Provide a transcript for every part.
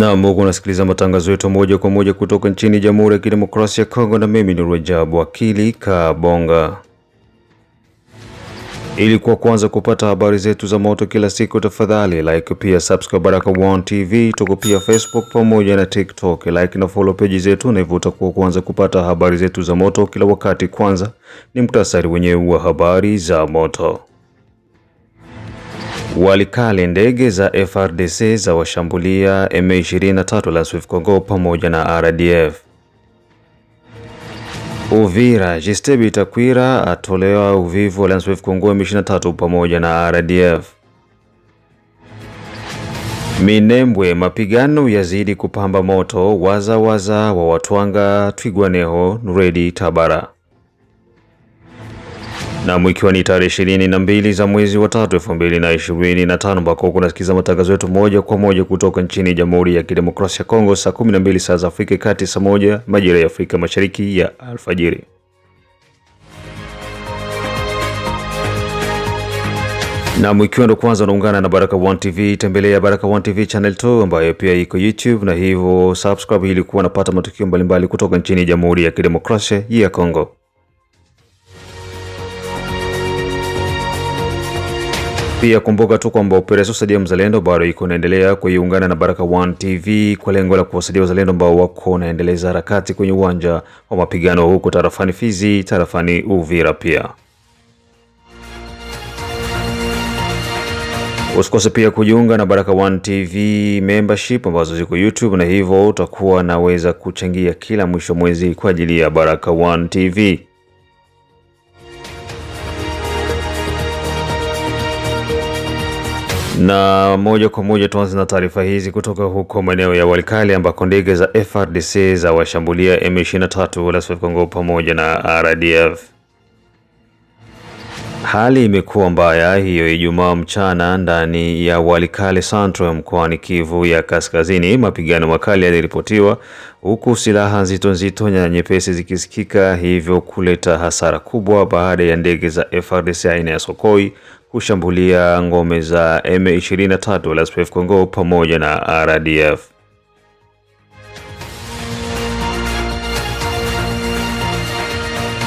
Naam, huku unasikiliza matangazo yetu moja kwa moja kutoka nchini Jamhuri ya Kidemokrasia ya Kongo, na mimi ni Rajabu Wakili Kabonga. Ili kwa kwanza kupata habari zetu za moto kila siku, tafadhali like, pia subscribe baraka One TV. Tuko pia Facebook pamoja na TikTok, like na follow page zetu, na hivyo utakuwa kwanza kupata habari zetu za moto kila wakati. Kwanza ni mtasari wenyewe wa habari za moto. Walikale ndege za frdc za washambulia M23 la Swift Congo pamoja na RDF. Uvira, jistebi Takwira atolewa uvivu la Swift Congo M23 pamoja na RDF. Minembwe, mapigano yazidi kupamba moto, wazawaza waza wa watwanga Twigwaneho Nuredi Tabara. Nam, ikiwa ni tarehe ishirini na mbili za mwezi wa tatu elfu mbili na ishirini na tano ambako kunasikiza matangazo yetu moja kwa moja kutoka nchini Jamhuri ya Kidemokrasia ya Kongo, saa 12 saa za Afrika Kati, saa moja majira ya Afrika Mashariki ya alfajiri. Nam, ikiwa ndo kwanza unaungana na Baraka One TV, tembelea Baraka One TV channel 2 ambayo pia iko YouTube na hivyo subscribe ili kuwa unapata matukio mbalimbali kutoka nchini Jamhuri ya Kidemokrasia ya Kongo. Pia kumbuka tu kwamba operesheni saidia mzalendo bado iko inaendelea, kuiungana na Baraka One TV kwa lengo la kuwasaidia wazalendo ambao wako naendeleza harakati kwenye uwanja wa mapigano huko tarafani Fizi, tarafani Uvira pia Usikose pia kujiunga na Baraka One TV membership ambazo ziko YouTube na hivyo utakuwa naweza kuchangia kila mwisho mwezi kwa ajili ya Baraka One TV. Na moja kwa moja tuanze na taarifa hizi kutoka huko maeneo ya Walikale ambako ndege za FRDC za washambulia M23 la Sud Congo pamoja na RDF. Hali imekuwa mbaya hiyo Ijumaa mchana ndani ya Walikale Central mkoani Kivu ya Kaskazini. Mapigano makali yaliripotiwa huku silaha nzito nzito na nyepesi zikisikika, hivyo kuleta hasara kubwa baada ya ndege za frdc aina ya Sokoi kushambulia ngome za M23 LSPF Kongo pamoja na RDF.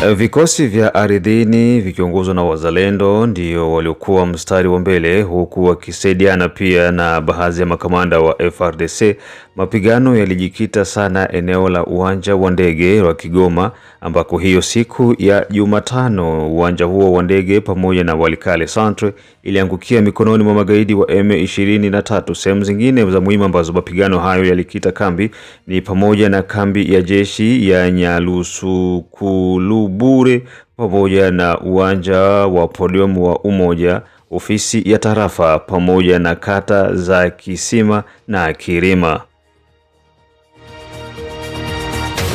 Eh, vikosi vya ardhini vikiongozwa na wazalendo ndio waliokuwa mstari wa mbele huku wakisaidiana pia na baadhi ya makamanda wa frdc Mapigano yalijikita sana eneo la uwanja wa ndege wa Kigoma, ambako hiyo siku ya Jumatano uwanja huo wa ndege pamoja na Walikale Centre iliangukia mikononi mwa magaidi wa M23. Sehemu zingine za muhimu ambazo mapigano hayo yalikita kambi ni pamoja na kambi ya jeshi ya Nyalusukulu bure pamoja na uwanja wa podium wa Umoja, ofisi ya tarafa pamoja na kata za Kisima na Kirima.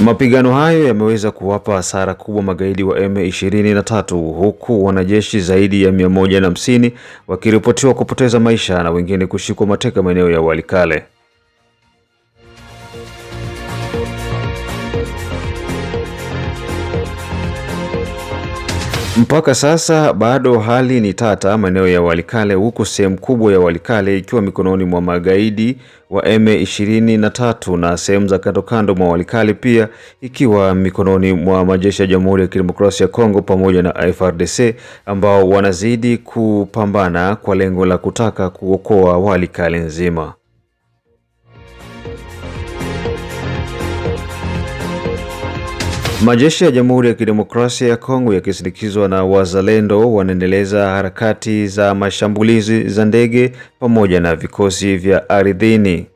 Mapigano hayo yameweza kuwapa hasara kubwa magaidi wa M23 huku wanajeshi zaidi ya 150 wakiripotiwa kupoteza maisha na wengine kushikwa mateka maeneo ya Walikale. Mpaka sasa bado hali ni tata maeneo ya Walikale, huku sehemu kubwa ya Walikale ikiwa mikononi mwa magaidi wa M23 na sehemu za kando kando mwa Walikale pia ikiwa mikononi mwa majeshi ya Jamhuri ya Kidemokrasia ya Kongo pamoja na frdc ambao wanazidi kupambana kwa lengo la kutaka kuokoa Walikale nzima. Majeshi ya Jamhuri ya Kidemokrasia ya Kongo yakisindikizwa na wazalendo wanaendeleza harakati za mashambulizi za ndege pamoja na vikosi vya ardhini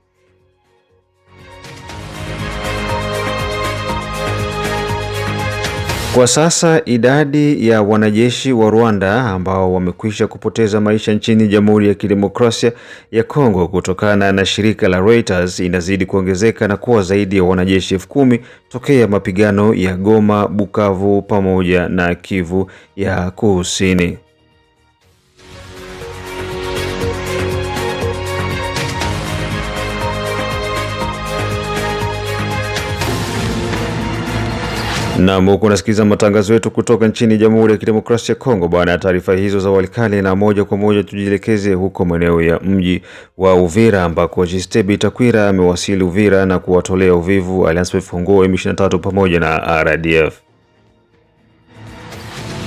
Kwa sasa idadi ya wanajeshi wa Rwanda ambao wamekwisha kupoteza maisha nchini Jamhuri ya Kidemokrasia ya Kongo kutokana na shirika la Reuters inazidi kuongezeka na kuwa zaidi ya wanajeshi elfu kumi tokea mapigano ya Goma, Bukavu pamoja na Kivu ya Kusini. Naam, huku unasikiliza matangazo yetu kutoka nchini Jamhuri ya Kidemokrasia ya Kongo. Baada ya taarifa hizo za walikali, na moja kwa moja tujielekeze huko maeneo ya mji wa Uvira ambako Justin Bitakwira amewasili Uvira na kuwatolea uvivu Alliance Franco M23 pamoja na RDF.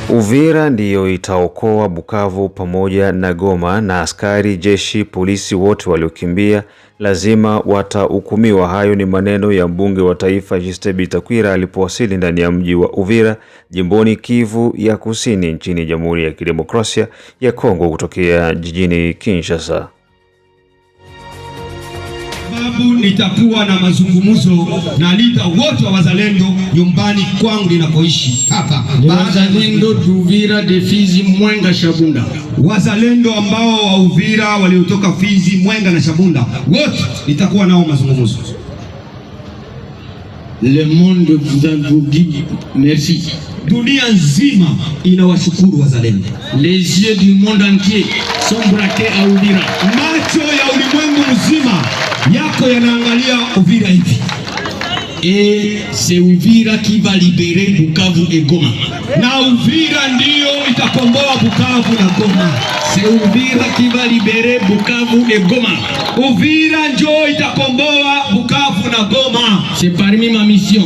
Uvira ndiyo itaokoa Bukavu pamoja na Goma, na askari jeshi polisi wote waliokimbia lazima watahukumiwa. Hayo ni maneno ya mbunge wa taifa Justin Bitakwira alipowasili ndani ya mji wa Uvira jimboni Kivu ya Kusini nchini Jamhuri ya Kidemokrasia ya Kongo kutokea jijini Kinshasa sababu nitakuwa na mazungumzo na lita wote wa wazalendo nyumbani kwangu ninapoishi hapa, wazalendo Uvira de Fizi, Mwenga, Shabunda, wazalendo ambao wa Uvira waliotoka Fizi, Mwenga na Shabunda wote nitakuwa nao mazungumzo. Le monde vous vous dit merci. Dunia nzima inawashukuru wazalendo. Les yeux du monde entier sont braqués à Uvira. Macho ya ulimwengu mzima yako yanaangalia Uvira hivi. e, se Uvira va libérer Bukavu et Goma, na Uvira ndiyo itakomboa Bukavu na Goma. Se Uvira va libérer Bukavu et Goma, Uvira njo itakomboa Bukavu na Goma. C'est parmi ma mission,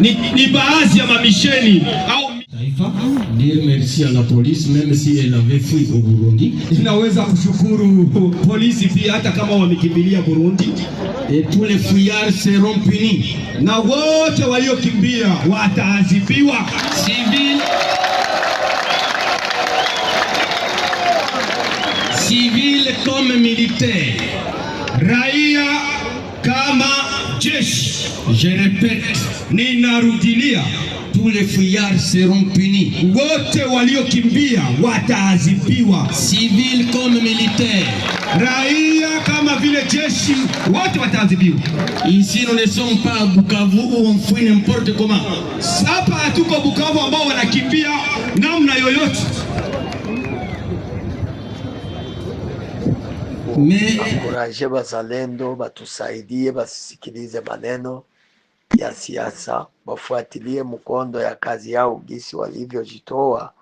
ni, ni baadhi ya mamisheni au taifa ndiye merci à la police même si elle avait fui au Burundi. Inaweza kushukuru polisi pia hata kama wamekimbilia Burundi. Et tous les fuyards seront punis. Na wote waliokimbia wataadhibiwa civil civil comme militaire. Raia kama jeshi, je répète, ninarudilia, tous les fuyards seront punis, wote waliokimbia wataadhibiwa, civil comme militaire, raia kama vile jeshi, wote wataadhibiwa. Ici nous ne sommes pas à Bukavu où on fuit n'importe comment. Hapa hatuko Bukavu ambao wanakimbia namna yoyote. akuraje bazalendo batusaidie, basikilize maneno ya siasa, bafuatilie mkondo ya kazi yao gisi walivyojitoa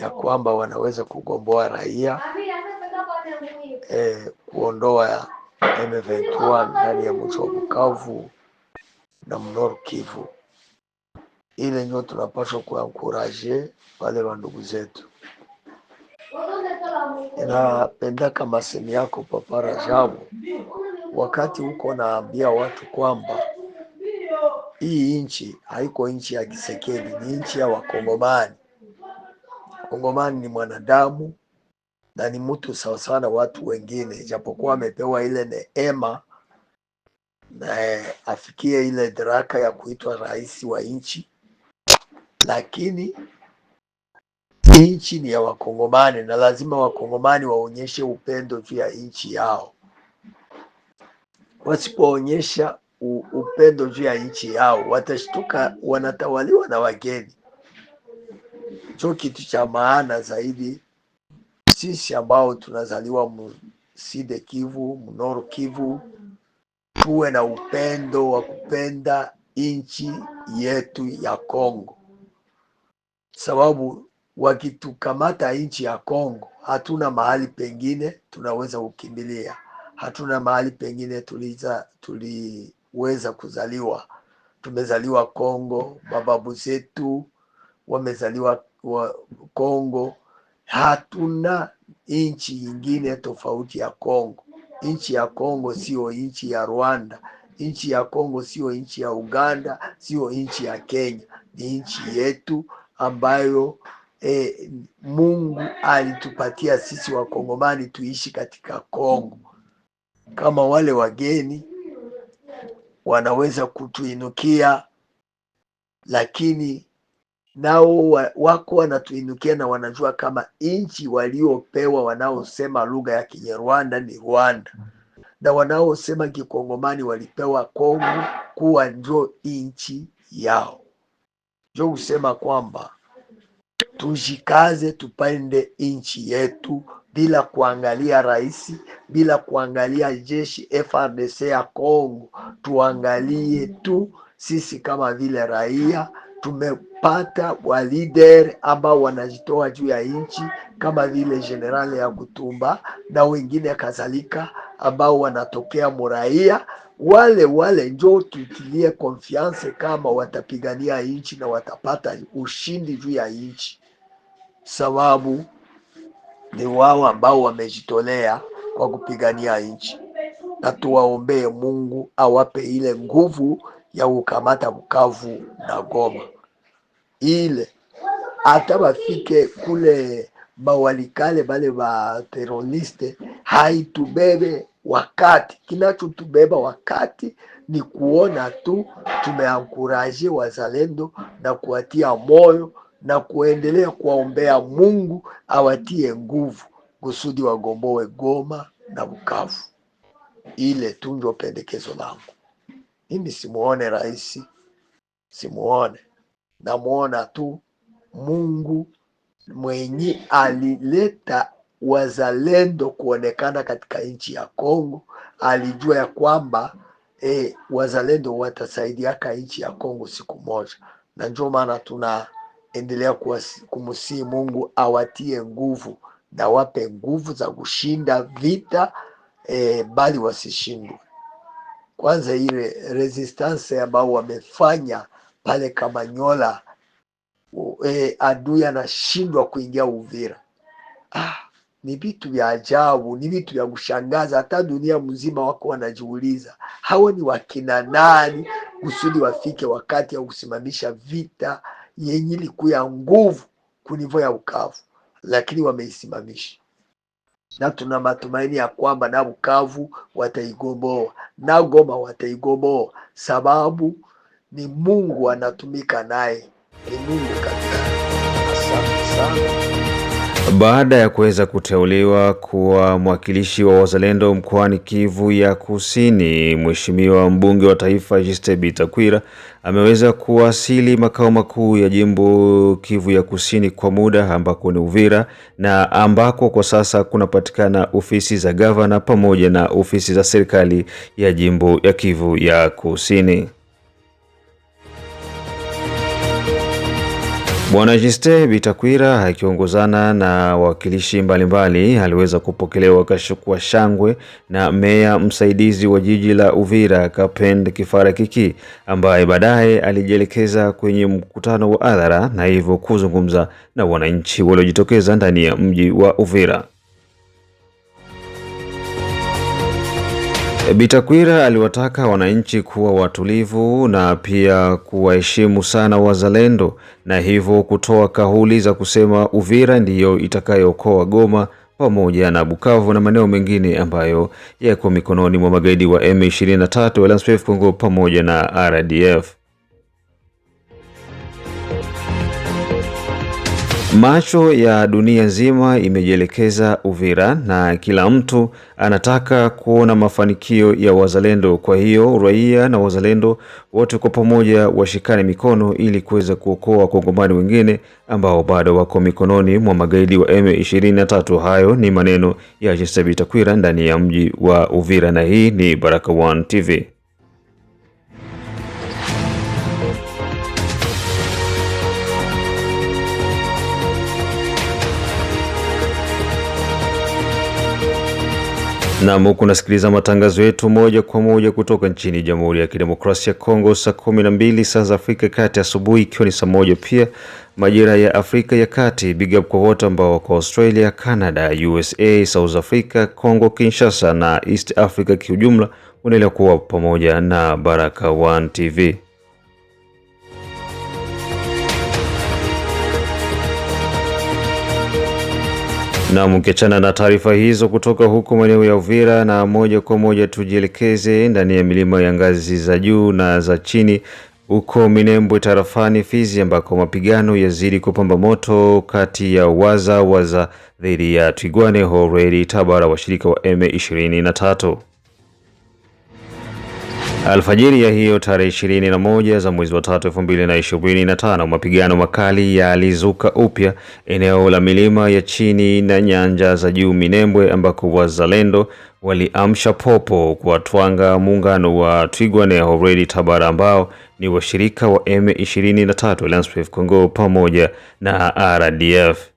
ya kwamba wanaweza kugomboa raia eh, kuondoa M23 ndani ya mji wa Bukavu na mnor Kivu. Ile nyo tunapaswa kuankuraje pale wa ndugu zetu inapendaka masemi yako Papa Rajabu, wakati huko naambia watu kwamba hii nchi haiko nchi ya kisekeli ni nchi ya Wakongomani. Kongomani ni mwanadamu na ni mtu sawa na watu wengine, japokuwa amepewa ile neema na eh, afikie ile daraka ya kuitwa rais wa nchi, lakini nchi ni ya Wakongomani na lazima Wakongomani waonyeshe upendo juu ya nchi yao. Wasipoonyesha upendo juu ya nchi yao, watashtuka wanatawaliwa na wageni. Cho kitu cha maana zaidi sisi ambao tunazaliwa mside Kivu, mnoro Kivu, tuwe na upendo wa kupenda nchi yetu ya Kongo sababu wakitukamata nchi ya Kongo, hatuna mahali pengine tunaweza kukimbilia, hatuna mahali pengine tuliza, tuliweza kuzaliwa. Tumezaliwa Kongo, mababu zetu wamezaliwa wa Kongo. Hatuna nchi nyingine tofauti ya Kongo. Nchi ya Kongo sio nchi ya Rwanda, nchi ya Kongo sio nchi ya Uganda, sio nchi ya Kenya, ni nchi yetu ambayo e, Mungu alitupatia sisi wakongomani tuishi katika Kongo kama wale wageni wanaweza kutuinukia, lakini nao wako wanatuinukia na wanajua kama nchi waliopewa wanaosema lugha ya Kinyarwanda ni Rwanda na wanaosema Kikongomani walipewa Kongo kuwa njo nchi yao. Njo usema kwamba tujikaze, tupande nchi yetu bila kuangalia rais, bila kuangalia jeshi FRDC ya Kongo, tuangalie tu sisi kama vile raia tumepata wa leader ambao wanajitoa juu ya nchi kama vile general ya Kutumba na wengine kadhalika, ambao wanatokea muraia wale wale, njo tutilie konfiance kama watapigania nchi na watapata ushindi juu ya nchi sababu ni wao ambao wamejitolea kwa kupigania nchi, na tuwaombee Mungu awape ile nguvu ya kukamata Bukavu na Goma, ile hata bafike kule bawalikale bale bateroriste teroriste. Haitubebe wakati, kinachotubeba wakati ni kuona tu tumeankuraje wazalendo na kuwatia moyo na kuendelea kuwaombea Mungu awatie nguvu kusudi wagomboe Goma na Bukavu. Ile tu ndio pendekezo langu. Mimi simuone rais, simuone, namuona tu Mungu mwenye alileta wazalendo kuonekana katika nchi ya Kongo. Alijua ya kwamba eh, wazalendo watasaidiaka nchi ya Kongo siku moja, na ndio maana tuna endelea kumusii Mungu awatie nguvu na wape nguvu za kushinda vita e, bali wasishindwe. Kwanza ile resistance ambao wamefanya pale Kamanyola e, adui anashindwa kuingia Uvira. Ah, ni vitu vya ajabu, ni vitu vya kushangaza. Hata dunia mzima wako wanajiuliza hawa ni wakina nani kusudi wafike wakati ya kusimamisha vita yenye ya nguvu kunivo ya Bukavu, lakini wameisimamisha, na tuna matumaini ya kwamba na Bukavu wataigomboa na Goma wataigomboa, sababu ni Mungu anatumika naye, ni Mungu katika. Asante sana. Baada ya kuweza kuteuliwa kuwa mwakilishi wa wazalendo mkoani Kivu ya Kusini, Mheshimiwa mbunge wa taifa Justin Bitakwira ameweza kuwasili makao makuu ya jimbo Kivu ya Kusini kwa muda ambako ni Uvira na ambako kwa sasa kunapatikana ofisi za gavana pamoja na ofisi za serikali ya jimbo ya Kivu ya Kusini. Bwana Justin Bitakwira akiongozana na wawakilishi mbalimbali aliweza kupokelewa kwa shangwe na meya msaidizi wa jiji la Uvira Kapend Kifara Kiki ambaye baadaye alijielekeza kwenye mkutano wa hadhara na hivyo kuzungumza na wananchi waliojitokeza ndani ya mji wa Uvira. Bitakwira aliwataka wananchi kuwa watulivu na pia kuwaheshimu sana wazalendo na hivyo kutoa kauli za kusema Uvira ndiyo itakayokoa Goma pamoja na Bukavu na maeneo mengine ambayo yako mikononi mwa magaidi wa M23, Alliance Congo pamoja na RDF. Macho ya dunia nzima imejielekeza Uvira na kila mtu anataka kuona mafanikio ya wazalendo. Kwa hiyo raia na wazalendo wote kwa pamoja washikane mikono ili kuweza kuokoa wakongomani wengine ambao bado wako mikononi mwa magaidi wa M23. Hayo ni maneno ya Bitakwira ndani ya mji wa Uvira, na hii ni Baraka1 TV. Nam huku nasikiliza matangazo yetu moja kwa moja kutoka nchini Jamhuri ya Kidemokrasia ya Kongo, saa kumi na mbili saa za Afrika Kati asubuhi, ikiwa ni saa moja pia majira ya Afrika ya Kati. Big up kwa wote ambao wako Australia, Canada, USA, South Africa, Congo Kinshasa na East Africa kiujumla. Unaendelea kuwa pamoja na Baraka1 TV. Na mkiachana na taarifa hizo kutoka huko maeneo ya Uvira, na moja kwa moja tujielekeze ndani ya milima ya ngazi za juu na za chini huko Minembwe tarafani Fizi ambako mapigano yazidi kupamba moto kati ya waza waza dhidi ya Twigwane Horeri Tabara washirika wa M23. Alfajiri ya hiyo tarehe ishirini na moja za mwezi wa tatu elfu mbili na ishirini na tano mapigano makali yalizuka upya eneo la milima ya chini na nyanja za juu Minembwe, ambako wazalendo waliamsha popo kuwatwanga muungano wa Twigwaneho Red Tabara ambao ni washirika wa M23 Congo pamoja na RDF.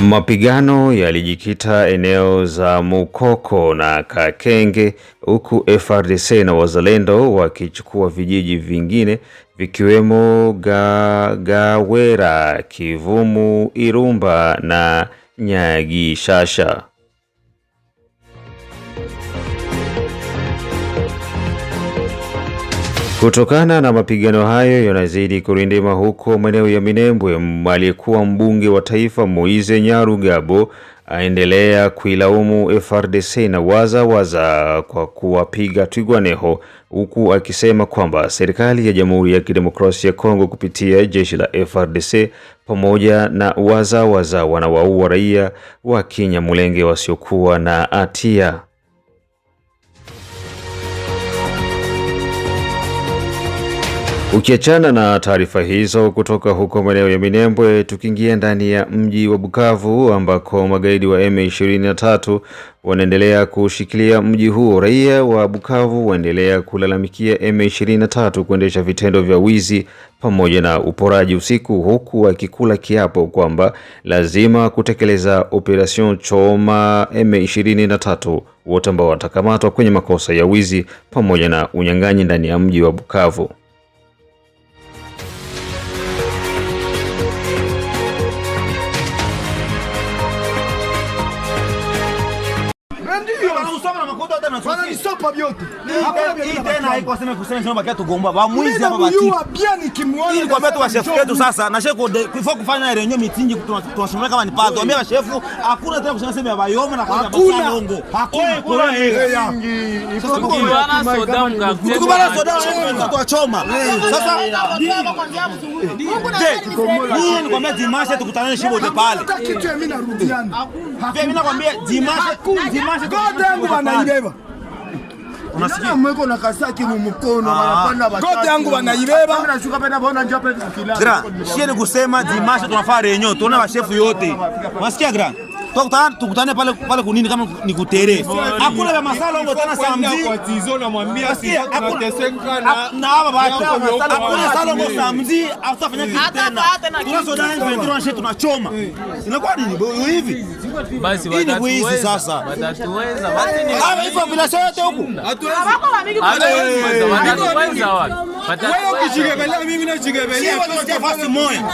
Mapigano yalijikita eneo za Mukoko na Kakenge huku frdc na Wazalendo wakichukua vijiji vingine vikiwemo Gagawera, Kivumu, Irumba na Nyagishasha. Kutokana na mapigano hayo yanazidi kurindima huko maeneo ya Minembwe, aliyekuwa mbunge wa taifa Moise Nyarugabo aendelea kuilaumu frdc na waza waza kwa kuwapiga twigwaneho huku akisema kwamba serikali ya Jamhuri ya Kidemokrasia ya Kongo kupitia jeshi la frdc pamoja na waza waza wanawaua raia wa Kinyamulenge wasiokuwa na hatia. Ukiachana na taarifa hizo kutoka huko maeneo ya Minembwe, tukiingia ndani ya mji wa Bukavu ambako magaidi wa M23 wanaendelea kushikilia mji huo. Raia wa Bukavu waendelea kulalamikia M23 kuendesha vitendo vya wizi pamoja na uporaji usiku, huku wakikula kiapo kwamba lazima kutekeleza operation choma M23 wote ambao watakamatwa kwenye makosa ya wizi pamoja na unyang'anyi ndani ya mji wa Bukavu. wananisopa vyote. tena haiko aseme kusema sema bakia tugomba. Ba mwizi hapa baki. Mimi pia nikimwona. Ili kwa betu wa wetu sasa na chef kwa kufanya renyo mitingi tunashomeka kama ni pato. Mimi chef hakuna tena kusema sema bayoma na kwa sababu ya bongo. Hakuna. Sasa mko bwana soda mkakte. Mko bwana soda kwa choma. Sasa Mungu nikwambia Dimashe tukutane shibo de pale. Hakuna kitu mimi narudiana. Hakuna. Mimi nakwambia Dimashe Dimashe. God yangu wanaibeba. Unasikia? Mweko na kasaki mumukono ah. wanapanda batatu. Gote yangu wanaibeba. Nashuka penda baona njapa hivi kila. Gra, shie ni kusema dimasha tunafaa renyo, tuone washefu yote. Unasikia gra? Tukutane tukutane pale pale kunini kama ni Hakuna ya masala ngo tena samedi. Kwa tizo na mwambia si tunateseka na na hapa bata. Hakuna sala ngo samedi afanya kitu tena. Tunazoda 23 tunachoma. Eh. Inakuwa nini? Hivi basi wizi sasa, hivyo bila yote huku wewe ukijigebelea mimi najigebelea kwa nafasi moja.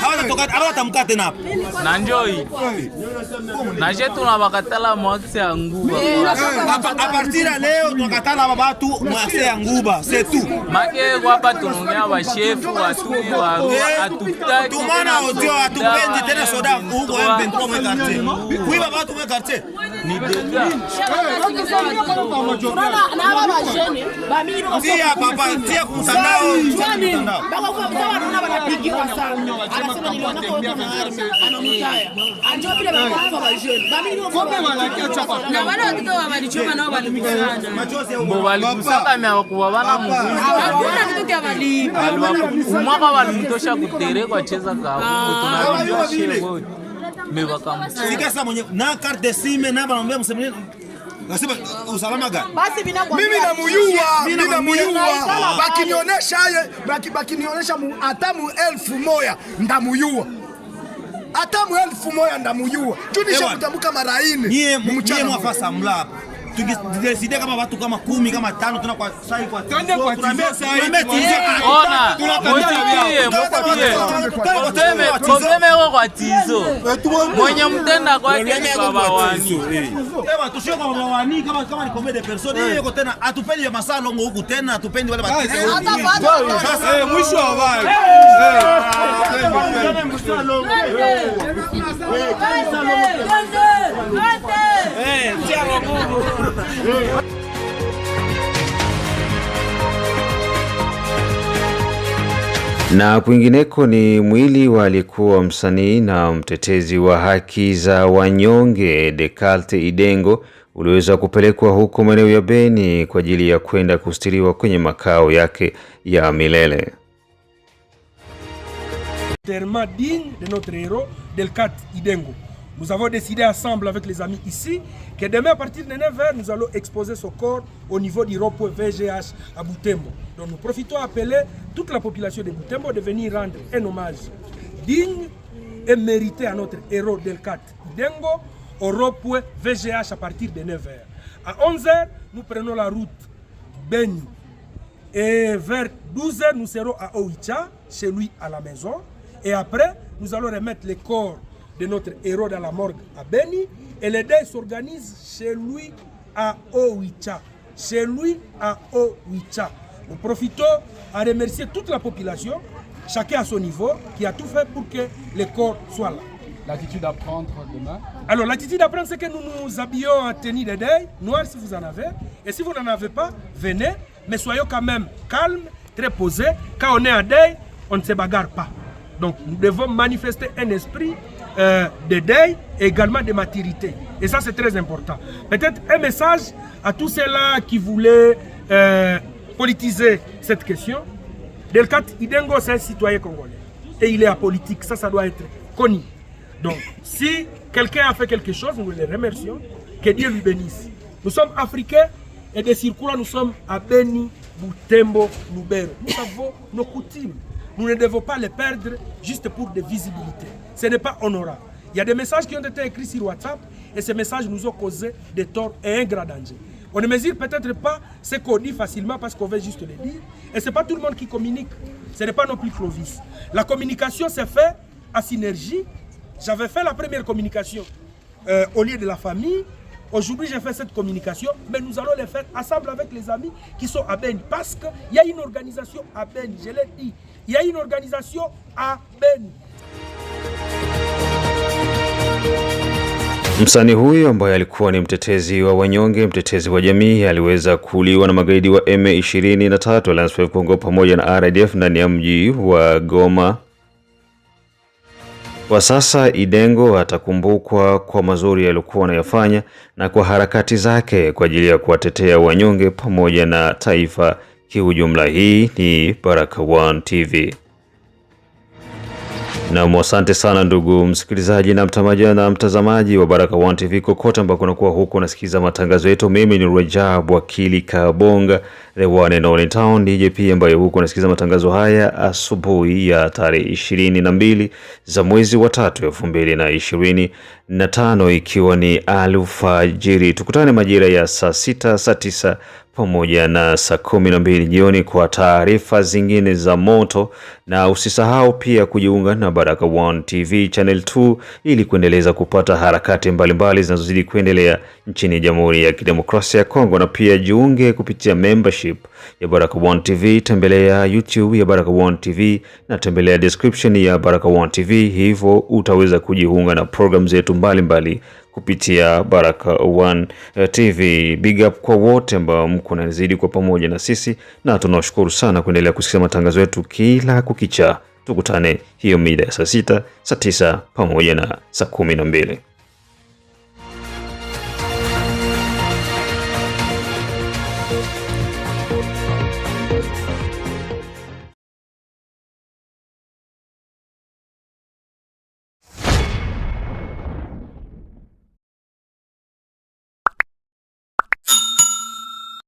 Hawatatoka hawatatamka tena hapa. Na njoo hii. Na je tunabakatala mwasi ya nguba. A partir ya leo tunakatala wabatu mwasi ya nguba, c'est tout. Make kwa hapa tunaongea wa chef wa tu wa atutaki. Tumana audio atupendi tena soda huko M23 mwe quartier. Kui baba tu mwe quartier. Ni deja. Ndio hapa papa. Ukiingia kwa mtandao, umwaka walimtosha kuterekwa cheza katunaa ah. na carte de sime na banaambia msemeni Nasema usalama gani? Basi mimi namuyua, mimi namuyua. Bakinionyesha baki bakinionyesha hata mu elfu moja ndamuyua. Hata mu elfu moja ndamuyua. Tunishakutambuka mara ine. Yeye mwafasa mlapa tukidesidia kama watu kama kumi kama tano tuna kwa sai kwa tunametimzomeme uko kwa tizo mwenye mtenda kwake ni baba wani tushie kwa baba kama kama ni komede persone hiyo iko tena, hatupendi ya masaa longo huku tena, hatupendi wale batizo mwisho wa baba na kwingineko ni mwili wa aliyekuwa msanii na mtetezi wa haki za wanyonge Descartes Idengo uliweza kupelekwa huko maeneo ya Beni kwa ajili ya kwenda kustiriwa kwenye makao yake ya milele. digne de notre héros Delcat Idengo. Nous avons décidé ensemble avec les amis ici que demain à partir de 9h, nous allons exposer son corps au niveau du repos VGH à Boutembo. Donc nous profitons à appeler toute la population de Boutembo de venir rendre un hommage digne et mérité à notre héros Delcat Idengo au repos VGH à partir de 9h. À 11h, nous prenons la route Beni. Et vers 12h, nous serons à Oicha, chez lui à la maison. Et après, nous allons remettre le corps de notre héros dans la morgue à Beni. Et les deuil s'organisent chez lui à Owicha. Chez lui à Owicha. Nous profitons à remercier toute la population, chacun à son niveau, qui a tout fait pour que le corps soit là. L'attitude à prendre demain Alors, l'attitude à prendre, c'est que nous nous habillons en tenue de deuil, noir si vous en avez. Et si vous n'en avez pas, venez, mais soyons quand même calmes, très posés. Quand on est en deuil, on ne se bagarre pas. Donc nous devons manifester un esprit euh, de deuil et également de maturité. Et ça c'est très important. Peut-être un message à tous ceux-là qui voulaient euh, politiser cette question. Delcat Idengo c'est un citoyen congolais. Et il est à politique, ça, ça doit être connu. Donc si quelqu'un a fait quelque chose, nous le remercions. Que Dieu lui bénisse. Nous sommes africains et des circuits, nous sommes à Beni, Boutembo, Lubero. Nous avons nos coutumes. Nous ne devons pas les perdre juste pour des visibilités. Ce n'est pas honorable. Il y a des messages qui ont été écrits sur WhatsApp et ces messages nous ont causé des torts et un grand danger. On ne mesure peut-être pas ce qu'on dit facilement parce qu'on veut juste le dire. Et ce n'est pas tout le monde qui communique. Ce n'est pas non plus Clovis. La communication s'est faite à synergie. J'avais fait la première communication euh, au lieu de la famille. Aujourd'hui, j'ai fait cette communication, mais nous allons les faire ensemble avec les amis qui sont à Beigne. Parce qu'il y a une organisation à Beigne, je l'ai dit. Il y a une organisation à Beni. Msanii huyo ambaye alikuwa ni mtetezi wa wanyonge, mtetezi wa jamii, aliweza kuuliwa na magaidi wa M23 Alliance Congo pamoja na RDF ndani ya mji wa Goma. Kwa sasa Idengo atakumbukwa kwa mazuri aliyokuwa anayofanya na kwa harakati zake kwa ajili ya kuwatetea wanyonge pamoja na taifa Kiujumla, hii ni Baraka1 TV. Nam, asante sana ndugu msikilizaji na mtamaji na mtazamaji wa Baraka1 TV kokote ambako unakuwa huko unasikiliza matangazo yetu. Mimi ni Rajab Wakili Kabonga the one and only town DJP, ambayo huko unasikiza matangazo haya asubuhi ya tarehe ishirini na mbili za mwezi wa tatu elfu mbili na ishirini na tano ikiwa ni alfajiri. Tukutane majira ya saa sita, saa tisa pamoja na saa kumi na mbili jioni kwa taarifa zingine za moto, na usisahau pia kujiunga na Baraka One TV Channel 2 ili kuendeleza kupata harakati mbalimbali zinazozidi kuendelea nchini Jamhuri ya Kidemokrasia ya Kongo, na pia jiunge kupitia membership Worship ya Baraka1 TV, tembelea YouTube ya Baraka1 TV na tembelea description ya Baraka1 TV, hivyo utaweza kujiunga na programu zetu mbalimbali kupitia Baraka1 eh, TV. Big up kwa wote ambao mko nazidi kwa pamoja na sisi, na tunawashukuru sana kuendelea kusikia matangazo yetu kila kukicha. Tukutane hiyo mida ya saa sita, saa tisa pamoja na saa kumi na mbili.